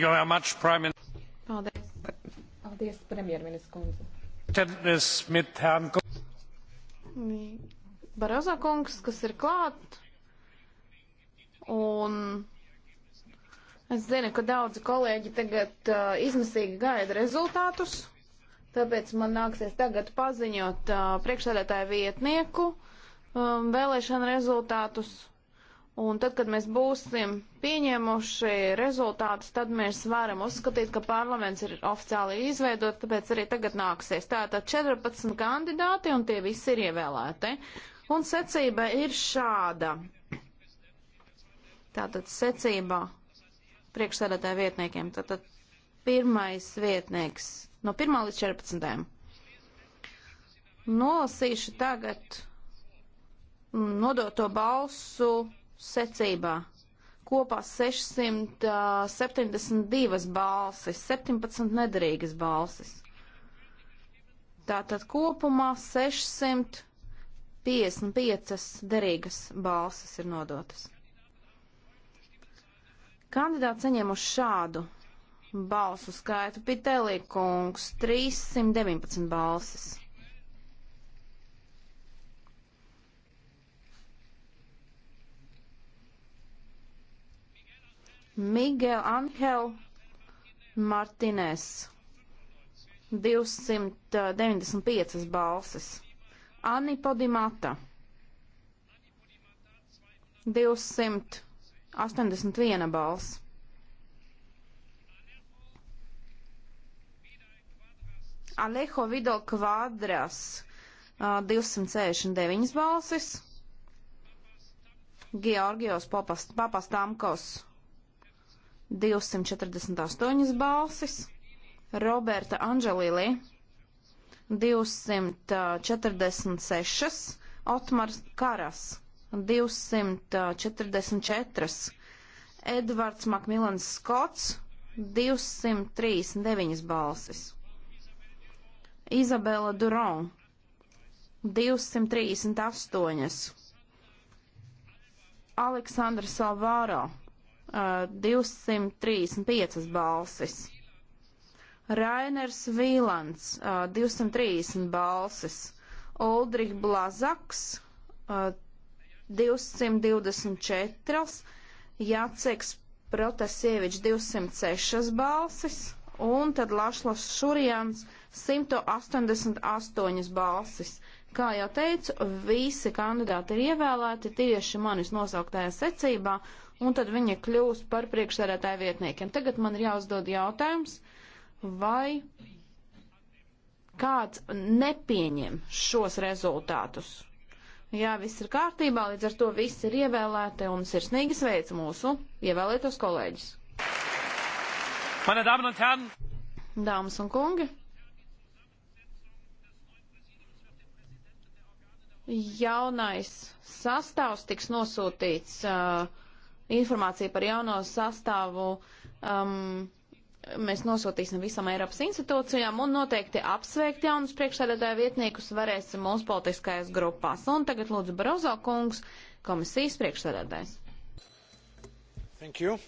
Much, Paldies. Paldies, premjerministra kundze. Mm, Barozo kungs, kas ir klāt, un es zinu, ka daudzi kolēģi tagad uh, izmisīgi gaida rezultātus, tāpēc man nāksies tagad paziņot uh, priekšsēdētāju vietnieku um, vēlēšana rezultātus. Un tad, kad mēs būsim pieņēmuši rezultātus, tad mēs varam uzskatīt, ka parlaments ir oficiāli izveidot, tāpēc arī tagad nāksies. Tātad 14 kandidāti un tie visi ir ievēlēti. Un secība ir šāda. Tātad secība priekšsēdētāja vietniekiem. Tātad pirmais vietnieks no 1 līdz 14. Nolasīšu tagad nodoto balsu secībā kopā 672 balsis, 17 nederīgas balsis. Tātad kopumā 655 derīgas balsis ir nodotas. Kandidāti saņēmuši šādu balsu skaitu Pitelī kungs 319 balsis. Miguel Angel Martinez 295 eh, balsis. Anni Podimata 281 balss. Alejo Vido Kvadras 269 balsis. Georgijos Papastamkos 248 balsis, Roberta Anģelīlī 246, Otmars Karas 244, Edvards Makmilans Skots 239 balsis, Izabela Duron 238, Aleksandrs Alvāro uh, 235 balsis. Rainers Vīlants uh, 230 balsis. Oldrich Blazaks uh, 224, Jaceks Protasievičs 206 balsis un tad Lašlas Šurjans 188 balsis. Kā jau teicu, visi kandidāti ir ievēlēti tieši manis nosauktajā secībā, un tad viņi kļūst par priekšsēdētāju vietniekiem. Tagad man ir jāuzdod jautājums, vai kāds nepieņem šos rezultātus. Jā, viss ir kārtībā, līdz ar to viss ir ievēlēti un sirsnīgi sveic mūsu ievēlētos kolēģis. Dāmas un kungi! jaunais sastāvs tiks nosūtīts, uh, informācija par jauno sastāvu um, mēs nosūtīsim visam Eiropas institūcijām un noteikti apsveikt jaunus priekšsēdētāju vietniekus varēsim mūsu politiskajās grupās. Un tagad lūdzu Barozo kungs, komisijas priekšsēdētājs. Thank you.